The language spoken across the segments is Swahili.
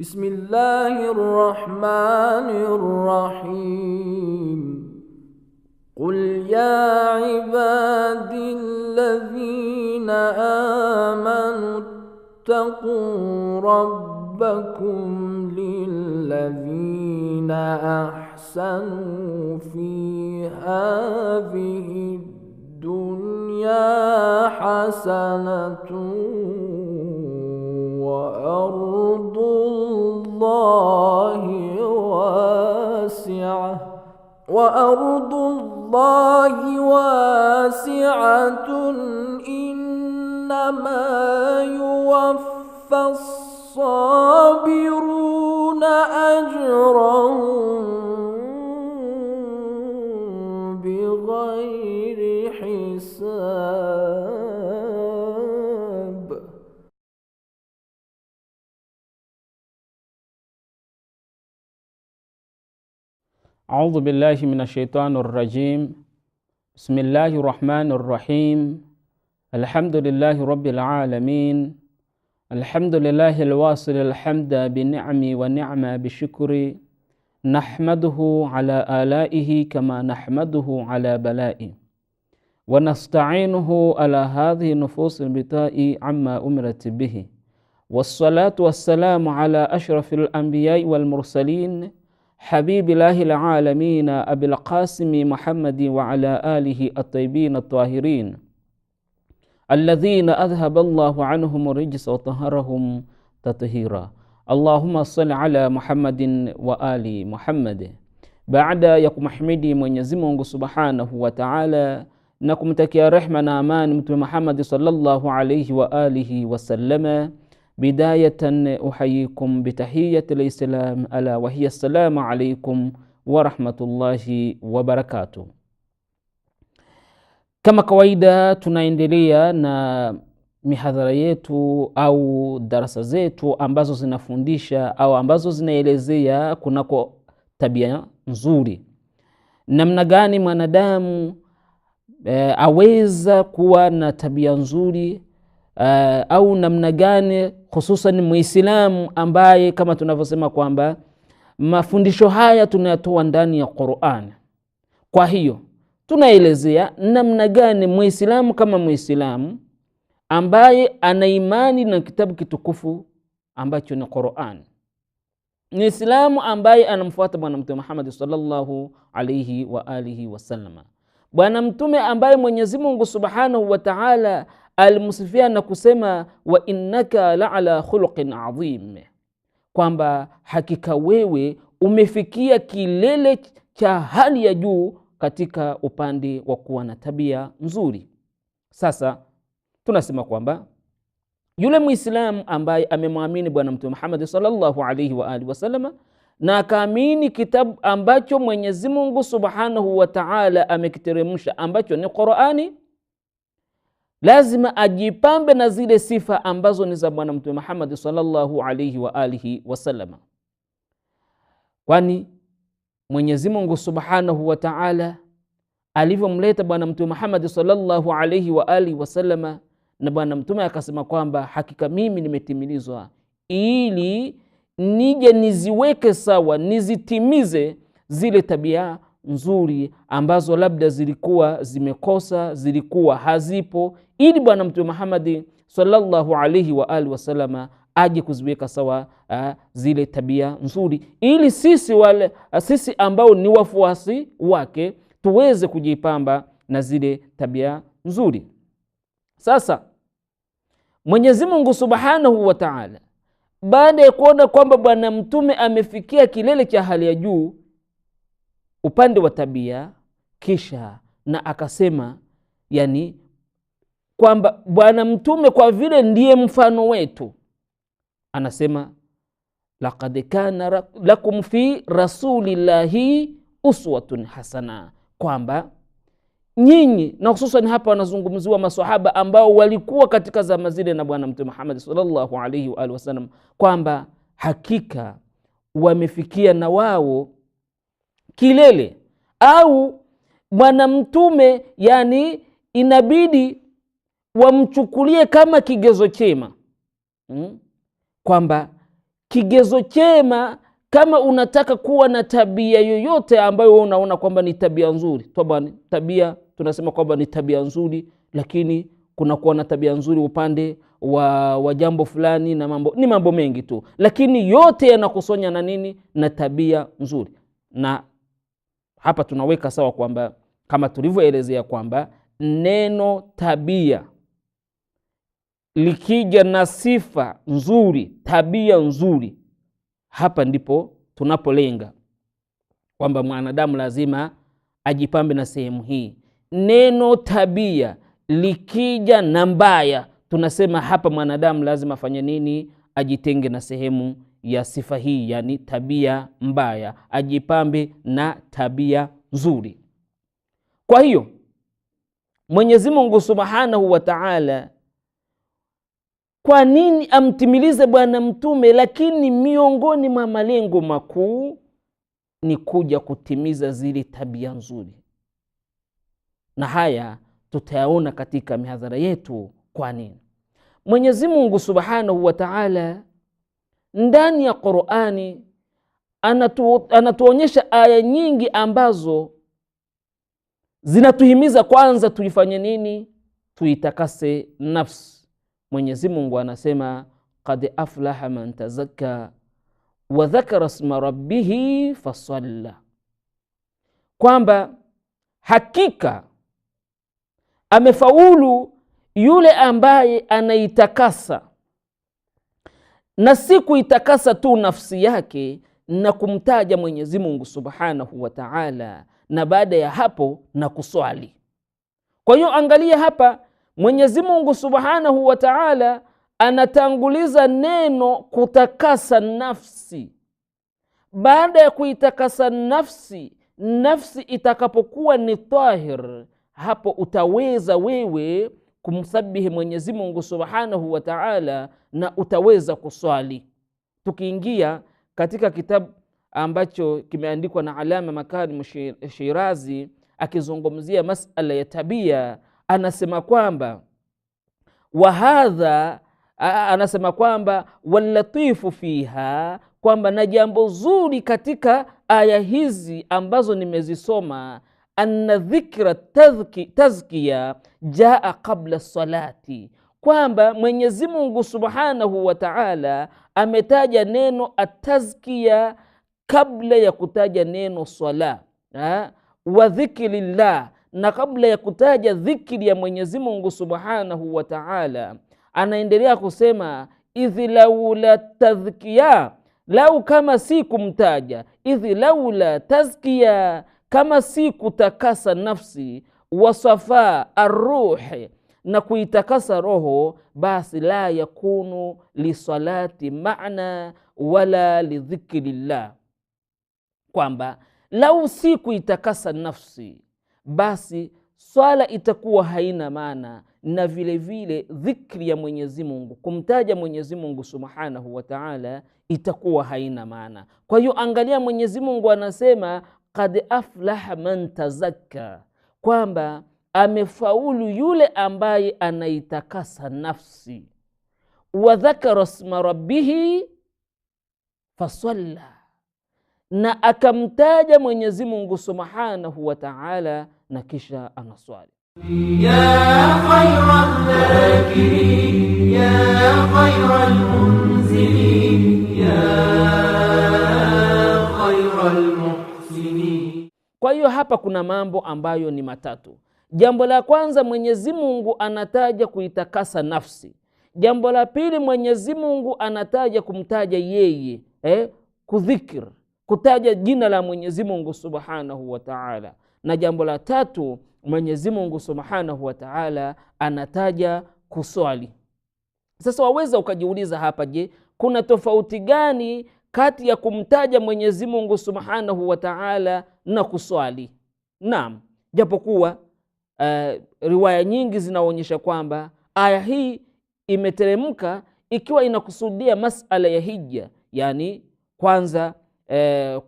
بسم الله الرحمن الرحيم قل يا عبادي الذين آمنوا اتقوا ربكم للذين أحسنوا في هذه الدنيا حسنة وأرض الله واسعة وأرض الله واسعة إنما يوفى الصابرون أجرا أعوذ بالله من الشيطان الرجيم بسم الله الرحمن الرحيم الحمد لله رب العالمين الحمد لله الواصل الحمد بنعم ونعمة بشكر نحمده على آلائه كما نحمده على بلائه ونستعينه على هذه النفوس البتاء عما أمرت به والصلاة والسلام على أشرف الأنبياء والمرسلين حبيب الله العالمين أبي القاسم محمد وعلى آله الطيبين الطاهرين الذين أذهب الله عنهم الرجس وطهرهم تطهيرا اللهم صل على محمد وآل محمد بعد يقوم حمدي من يزمه سبحانه وتعالى نقوم تكيا رحمنا آمان محمد صلى الله عليه وآله وسلم bidayatan uhayikum bitahiyati lislam ala wahiya assalamu alaikum warahmatullahi wabarakatu Kama kawaida, tunaendelea na mihadhara yetu au darasa zetu ambazo zinafundisha au ambazo zinaelezea kunako tabia nzuri, namna gani mwanadamu e, aweza kuwa na tabia nzuri uh, au namna gani hususan muislamu ambaye kama tunavyosema kwamba mafundisho haya tunayatoa ndani ya Qur'an. Kwa hiyo tunaelezea namna gani muislamu kama muislamu ambaye ana imani na kitabu kitukufu ambacho ni Qur'an, muislamu ambaye anamfuata Bwana Mtume Muhammad sallallahu alayhi wa alihi wasallama, Bwana Mtume ambaye Mwenyezi Mungu subhanahu wa Ta'ala alimsifia na kusema wa innaka laala khuluqin adhim, kwamba hakika wewe umefikia kilele cha hali ya juu katika upande wa kuwa na tabia nzuri. Sasa tunasema kwamba yule Muislamu ambaye amemwamini Bwana Mtume Muhammad sallallahu alaihi wa alihi wasalama na akaamini kitabu ambacho Mwenyezi Mungu subhanahu wa taala amekiteremsha ambacho ni Qurani lazima ajipambe na zile sifa ambazo ni za Bwana Mtume Muhammad sallallahu alaihi wa alihi wasallama, kwani Mwenyezi Mungu subhanahu wa taala alivyomleta Bwana Mtume Muhammad sallallahu alaihi wa alihi wasallama, na Bwana Mtume akasema kwamba hakika mimi nimetimilizwa, ili nije niziweke sawa, nizitimize zile tabia nzuri ambazo labda zilikuwa zimekosa, zilikuwa hazipo, ili Bwana Mtume muhamadi sallallahu alaihi wa alihi wasalama aje kuziweka sawa a, zile tabia nzuri, ili sisi wale a, sisi ambao ni wafuasi wake tuweze kujipamba na zile tabia nzuri. Sasa Mwenyezi Mungu subhanahu wa taala, baada ya kuona kwamba Bwana Mtume amefikia kilele cha hali ya juu upande wa tabia, kisha na akasema yani kwamba Bwana Mtume kwa vile ndiye mfano wetu, anasema laqad kana lakum fi rasulillahi uswatun hasana, kwamba nyinyi na hususan hapa wanazungumziwa masahaba ambao walikuwa katika zama zile na Bwana Mtume Muhammad sallallahu alaihi wa alihi wasallam, kwamba hakika wamefikia na wao kilele au mwanamtume mtume, yani inabidi wamchukulie kama kigezo chema hmm? kwamba kigezo chema kama unataka kuwa na tabia yoyote ambayo wewe unaona kwamba ni tabia nzuri Tobani, tabia tunasema kwamba ni tabia nzuri, lakini kuna kuwa na tabia nzuri upande wa, wa jambo fulani na mambo ni mambo mengi tu, lakini yote yanakusonya na nini na tabia nzuri, na hapa tunaweka sawa kwamba kama tulivyoelezea kwamba neno tabia likija na sifa nzuri, tabia nzuri, hapa ndipo tunapolenga kwamba mwanadamu lazima ajipambe na sehemu hii. Neno tabia likija na mbaya, tunasema hapa mwanadamu lazima afanye nini? Ajitenge na sehemu ya sifa hii, yani tabia mbaya, ajipambe na tabia nzuri. Kwa hiyo Mwenyezi Mungu Subhanahu wa Ta'ala, kwa nini amtimilize bwana mtume? Lakini miongoni mwa malengo makuu ni kuja kutimiza zile tabia nzuri, na haya tutayaona katika mihadhara yetu. Kwa nini Mwenyezi Mungu Subhanahu wa Ta'ala ndani ya Qurani anatu, anatuonyesha aya nyingi ambazo zinatuhimiza kwanza tuifanye nini? Tuitakase nafsi. Mwenyezi Mungu anasema qad aflaha man tazakka wa dhakara sma rabbihi fasalla, kwamba hakika amefaulu yule ambaye anaitakasa na si kuitakasa tu nafsi yake na kumtaja Mwenyezi Mungu Subhanahu wa Ta'ala, na baada ya hapo na kuswali. Kwa hiyo angalia hapa, Mwenyezi Mungu Subhanahu wa Ta'ala anatanguliza neno kutakasa nafsi. Baada ya kuitakasa nafsi, nafsi itakapokuwa ni tahir, hapo utaweza wewe kumsabihi Mwenyezi Mungu subhanahu wa taala, na utaweza kuswali. Tukiingia katika kitabu ambacho kimeandikwa na Alama Makarimu Shirazi akizungumzia masala ya tabia, anasema kwamba hadha, anasema kwamba walatifu fiha, kwamba na jambo zuri katika aya hizi ambazo nimezisoma anna dhikra tazkiya jaa qabla salati, kwamba Mwenyezi Mungu subhanahu wa taala ametaja neno atazkiya kabla ya kutaja neno swala wa dhikri llah, na kabla ya kutaja dhikri ya Mwenyezi Mungu subhanahu wa taala. Anaendelea kusema idhi laula tazkiya, lau kama si kumtaja, idhi laula tazkiya kama si kutakasa nafsi wasafaa arruhi na kuitakasa roho, basi la yakunu lisalati maana wala lidhikri llah kwamba lau si kuitakasa nafsi basi swala itakuwa haina maana, na vilevile dhikri ya Mwenyezi Mungu, kumtaja Mwenyezi Mungu subhanahu wa taala itakuwa haina maana. Kwa hiyo angalia, Mwenyezi Mungu anasema kad aflaha man tazakka, kwamba amefaulu yule ambaye anaitakasa nafsi. Wadhakara sma rabbihi fasalla, na akamtaja Mwenyezi Mungu subhanahu wa taala na kisha anaswali. ya khayra dhakirin ya khayra almunzilin ya khayra almunzilin muslimin. Kwa hiyo hapa kuna mambo ambayo ni matatu. Jambo la kwanza, Mwenyezi Mungu anataja kuitakasa nafsi. Jambo la pili, Mwenyezi Mungu anataja kumtaja yeye eh, kudhikir, kutaja jina la Mwenyezi Mungu subhanahu wa taala, na jambo la tatu, Mwenyezi Mungu subhanahu wa taala anataja kuswali. Sasa waweza ukajiuliza hapa, je, kuna tofauti gani kati ya kumtaja Mwenyezi Mungu Subhanahu wa Ta'ala na kuswali. Naam, japokuwa uh, riwaya nyingi zinaonyesha kwamba aya hii imeteremka ikiwa inakusudia masala ya hija, yani kwanza eh,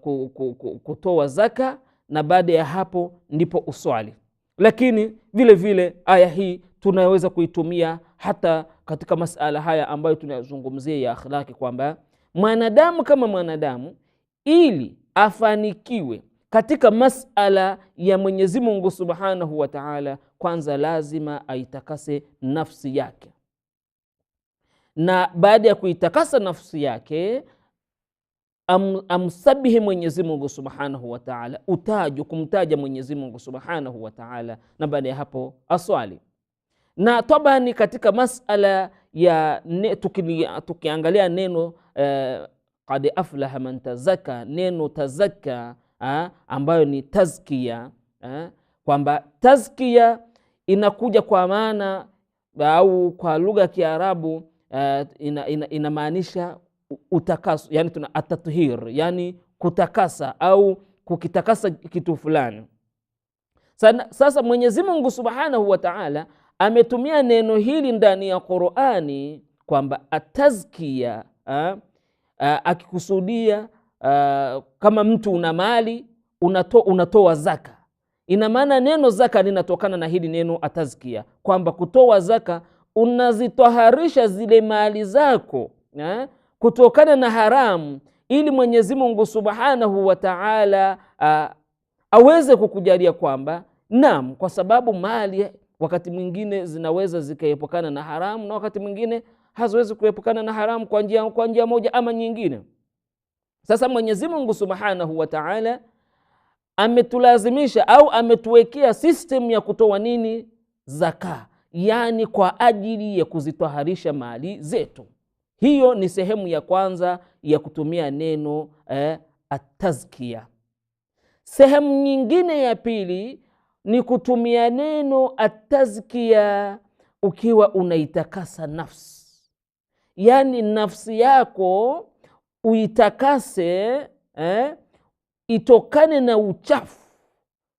kutoa zaka na baada ya hapo ndipo uswali. Lakini vile vile aya hii tunaweza kuitumia hata katika masala haya ambayo tunayazungumzia ya akhlaki kwamba mwanadamu kama mwanadamu ili afanikiwe katika masala ya Mwenyezi Mungu Subhanahu wa Ta'ala, kwanza lazima aitakase nafsi yake, na baada ya kuitakasa nafsi yake am, amsabihi Mwenyezi Mungu Subhanahu wa Ta'ala, utajwa kumtaja Mwenyezi Mungu Subhanahu wa Ta'ala, na baada ya hapo aswali. Na tabani katika masala ya ne, tukini, tukiangalia neno qad aflaha man tazaka, neno tazaka ambayo ni tazkia kwamba tazkia inakuja kwa maana au kwa lugha ya Kiarabu inamaanisha ina, ina utakaso, yani tuna atathir, yani kutakasa au kukitakasa kitu fulani. Sasa Mwenyezi Mungu Subhanahu wa Ta'ala ametumia neno hili ndani ya Qur'ani kwamba atazkia Ah, ah, akikusudia ah, kama mtu una mali unato, unatoa zaka, ina maana neno zaka linatokana na hili neno atazkia, kwamba kutoa zaka unazitoharisha zile mali zako ha? kutokana na haramu ili Mwenyezi Mungu Subhanahu wa Ta'ala aweze kukujalia kwamba naam, kwa sababu mali wakati mwingine zinaweza zikaepukana na haramu na wakati mwingine haziwezi kuepukana na haramu kwa njia, kwa njia moja ama nyingine. Sasa Mwenyezi Mungu subhanahu wa taala ametulazimisha au ametuwekea system ya kutoa nini? Zaka, yani kwa ajili ya kuzitaharisha mali zetu. Hiyo ni sehemu ya kwanza ya kutumia neno eh, atazkia. Sehemu nyingine ya pili ni kutumia neno atazkia ukiwa unaitakasa nafsi yaani nafsi yako uitakase eh, itokane na uchafu.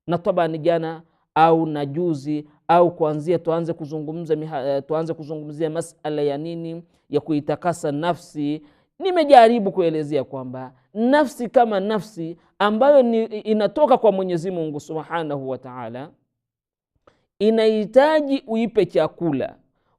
Na tabani jana au na juzi au kuanzia tuanze kuzungumza eh, tuanze kuzungumzia masala ya nini ya kuitakasa nafsi. Nimejaribu kuelezea kwamba nafsi kama nafsi ambayo ni, inatoka kwa Mwenyezi Mungu Subhanahu wa Ta'ala inahitaji uipe chakula,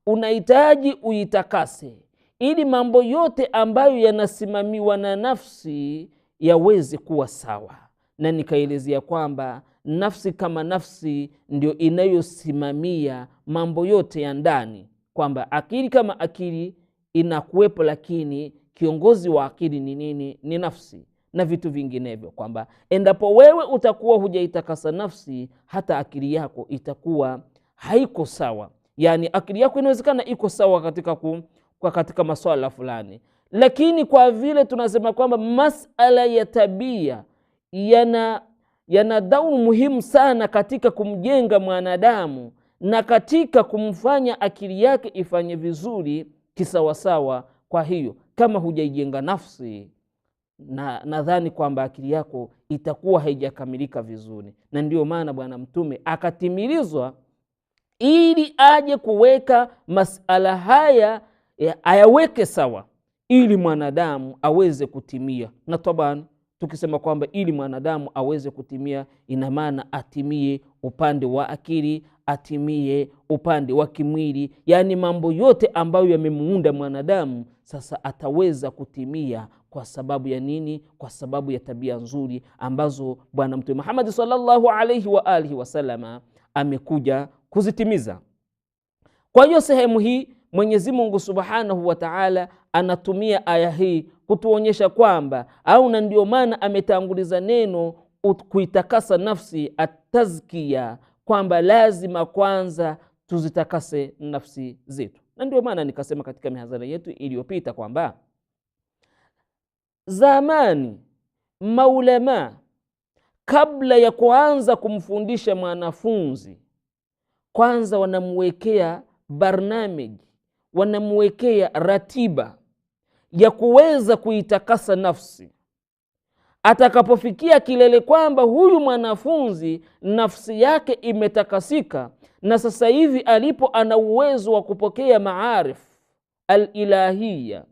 unahitaji uitakase ili mambo yote ambayo yanasimamiwa na nafsi yaweze kuwa sawa, na nikaelezea kwamba nafsi kama nafsi ndio inayosimamia mambo yote ya ndani, kwamba akili kama akili inakuwepo, lakini kiongozi wa akili ni nini? Ni nafsi na vitu vinginevyo, kwamba endapo wewe utakuwa hujaitakasa nafsi, hata akili yako itakuwa haiko sawa. yani akili yako inawezekana iko sawa katika ku kwa katika maswala fulani, lakini kwa vile tunasema kwamba masala ya tabia yana yana dauru muhimu sana katika kumjenga mwanadamu na katika kumfanya akili yake ifanye vizuri kisawasawa. Kwa hiyo kama hujaijenga nafsi, na nadhani kwamba akili yako itakuwa haijakamilika vizuri, na ndiyo maana Bwana Mtume akatimilizwa ili aje kuweka masala haya Eh, ayaweke sawa ili mwanadamu aweze kutimia. Na taban tukisema kwamba ili mwanadamu aweze kutimia, ina maana atimie upande wa akili, atimie upande wa kimwili, yaani mambo yote ambayo yamemuunda mwanadamu sasa ataweza kutimia. Kwa sababu ya nini? Kwa sababu ya tabia nzuri ambazo Bwana Mtume Muhamadi sallallahu alaihi wa alihi wasalama amekuja kuzitimiza. Kwa hiyo sehemu hii Mwenyezi Mungu Subhanahu wa Ta'ala anatumia aya hii kutuonyesha kwamba au, na ndio maana ametanguliza neno kuitakasa nafsi atazkia, kwamba lazima kwanza tuzitakase nafsi zetu, na ndio maana nikasema katika mihadhara yetu iliyopita kwamba zamani maulama kabla ya kuanza kumfundisha mwanafunzi kwanza wanamwekea barnamiji wanamwekea ratiba ya kuweza kuitakasa nafsi atakapofikia kilele kwamba huyu mwanafunzi nafsi yake imetakasika na sasa hivi alipo ana uwezo wa kupokea maarif alilahiya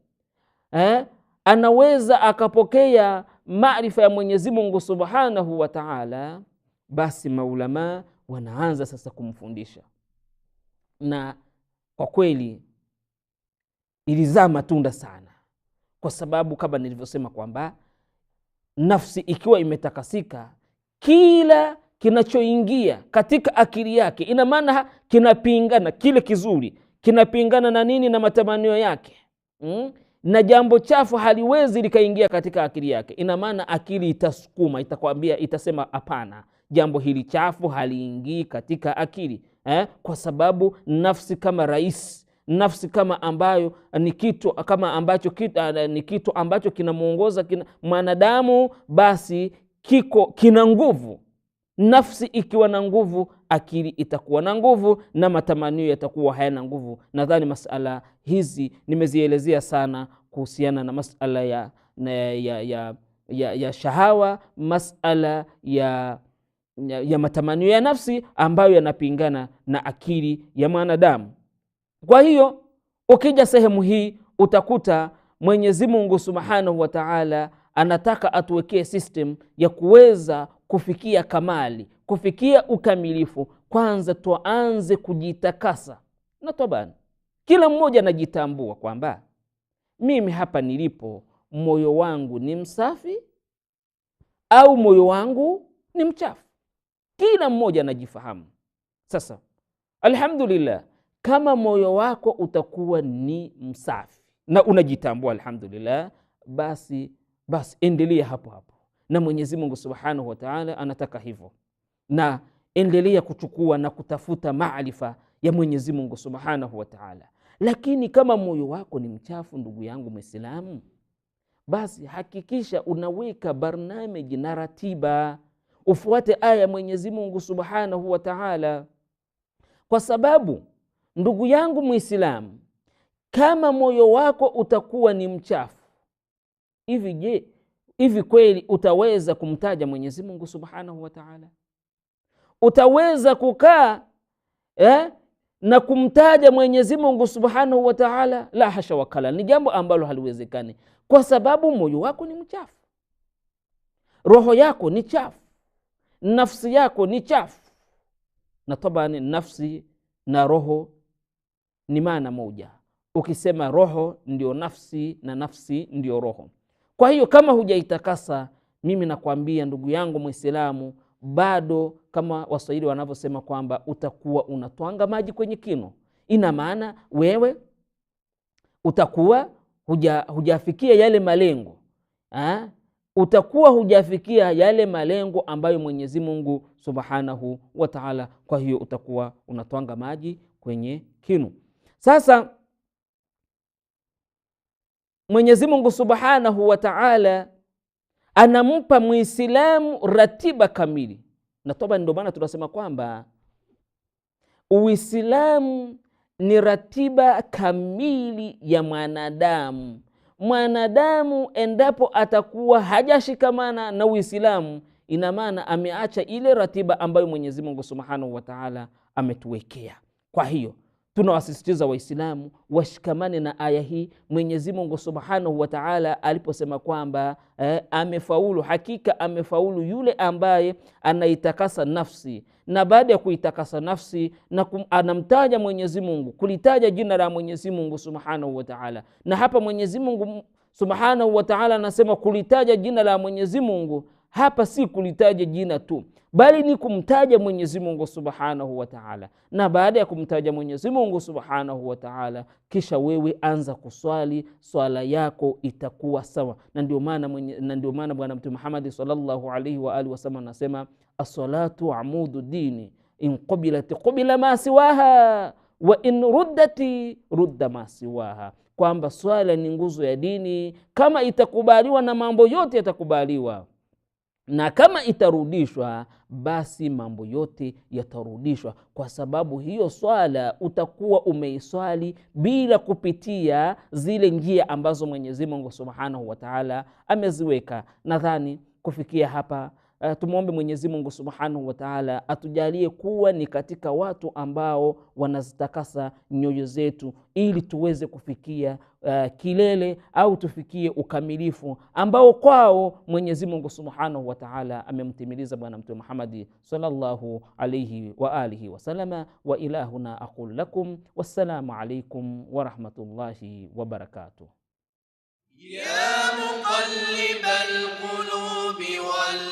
eh? anaweza akapokea maarifa ya Mwenyezi Mungu subhanahu wa taala, basi maulamaa wanaanza sasa kumfundisha, na kwa kweli ilizaa matunda sana, kwa sababu kama nilivyosema kwamba nafsi ikiwa imetakasika, kila kinachoingia katika akili yake, ina maana kinapingana, kile kizuri kinapingana na nini? Na matamanio yake mm? na jambo chafu haliwezi likaingia katika akili yake. Ina maana akili itasukuma, itakwambia, itasema hapana, jambo hili chafu haliingii katika akili eh? kwa sababu nafsi kama rais nafsi kama ambayo ni kitu kama ambacho ah, ni kitu ambacho kinamwongoza kina, mwanadamu basi kiko kina nguvu. Nafsi ikiwa na nguvu, akili itakuwa na nguvu na matamanio yatakuwa hayana nguvu. Nadhani masala hizi nimezielezea sana kuhusiana na masala ya, ya, ya, ya, ya, ya shahawa, masala ya ya, ya matamanio ya nafsi ambayo yanapingana na akili ya mwanadamu. Kwa hiyo ukija sehemu hii utakuta Mwenyezi Mungu Subhanahu wa Ta'ala anataka atuwekee system ya kuweza kufikia kamali, kufikia ukamilifu. Kwanza tuanze kujitakasa na toba. Kila mmoja anajitambua kwamba mimi hapa nilipo, moyo wangu ni msafi au moyo wangu ni mchafu. Kila mmoja anajifahamu. Sasa alhamdulillah kama moyo wako utakuwa ni msafi na unajitambua, alhamdulillah, basi basi endelea hapo hapo, na Mwenyezi Mungu Subhanahu wa Ta'ala anataka hivyo, na endelea kuchukua na kutafuta maarifa ya Mwenyezi Mungu Subhanahu wa Ta'ala. Lakini kama moyo wako ni mchafu, ndugu yangu Muislamu, basi hakikisha unaweka barnameji na ratiba, ufuate aya ya Mwenyezi Mungu Subhanahu wa Ta'ala, kwa sababu Ndugu yangu Mwislamu, kama moyo wako utakuwa ni mchafu hivi, je, hivi kweli utaweza kumtaja Mwenyezi Mungu subhanahu wa taala? Utaweza kukaa eh, na kumtaja Mwenyezi Mungu subhanahu wa taala? La hasha wakala, ni jambo ambalo haliwezekani, kwa sababu moyo wako ni mchafu, roho yako ni chafu, nafsi yako ni chafu, na tabani nafsi na roho ni maana moja. Ukisema roho ndio nafsi na nafsi ndio roho. Kwa hiyo kama hujaitakasa, mimi nakwambia ndugu yangu Mwislamu, bado kama Waswahili wanavyosema kwamba utakuwa unatwanga maji kwenye kino Ina maana wewe utakuwa huja, hujafikia yale malengo ha? utakuwa hujafikia yale malengo ambayo Mwenyezi Mungu subhanahu wataala Kwa hiyo utakuwa unatwanga maji kwenye kinu. Sasa Mwenyezi Mungu Subhanahu wa Ta'ala anampa Muislamu ratiba kamili, na toba. Ndio maana tunasema kwamba Uislamu ni ratiba kamili ya mwanadamu. Mwanadamu endapo atakuwa hajashikamana na Uislamu, ina maana ameacha ile ratiba ambayo Mwenyezi Mungu Subhanahu wa Ta'ala ametuwekea. Kwa hiyo tunawasisitiza waislamu washikamane na aya hii mwenyezi mungu subhanahu wa taala aliposema kwamba eh, amefaulu hakika amefaulu yule ambaye anaitakasa nafsi na baada ya kuitakasa nafsi na kum, anamtaja mwenyezi mungu kulitaja jina la mwenyezi mungu subhanahu wa taala na hapa mwenyezi mungu subhanahu wa taala anasema kulitaja jina la mwenyezi mungu hapa si kulitaja jina tu, bali ni kumtaja Mwenyezi Mungu subhanahu wa taala. Na baada ya kumtaja Mwenyezi Mungu subhanahu wa taala, kisha wewe anza kuswali, swala yako itakuwa sawa. Na ndio maana na ndio maana Bwana Mtume Muhammad sallallahu alaihi wa alihi wasallam anasema as-salatu amudu dini in qubilati qubila ma siwaha wa in ruddati rudda ma siwaha, kwamba swala ni nguzo ya dini, kama itakubaliwa na mambo yote yatakubaliwa na kama itarudishwa basi mambo yote yatarudishwa, kwa sababu hiyo swala utakuwa umeiswali bila kupitia zile njia ambazo Mwenyezi Mungu Subhanahu wa Ta'ala ameziweka. Nadhani kufikia hapa Uh, eh, tumwombe Mwenyezi Mungu Subhanahu wa Ta'ala atujalie kuwa ni katika watu ambao wanazitakasa nyoyo zetu ili tuweze kufikia uh, kilele au tufikie ukamilifu ambao kwao Mwenyezi Mungu Subhanahu wa Ta'ala amemtimiliza Bwana Mtume Muhammad sallallahu alayhi wa alihi salama Wa ilahuna aqul lakum wassalamu alaykum wa rahmatullahi wa barakatuh ya muqallibal qulubi wal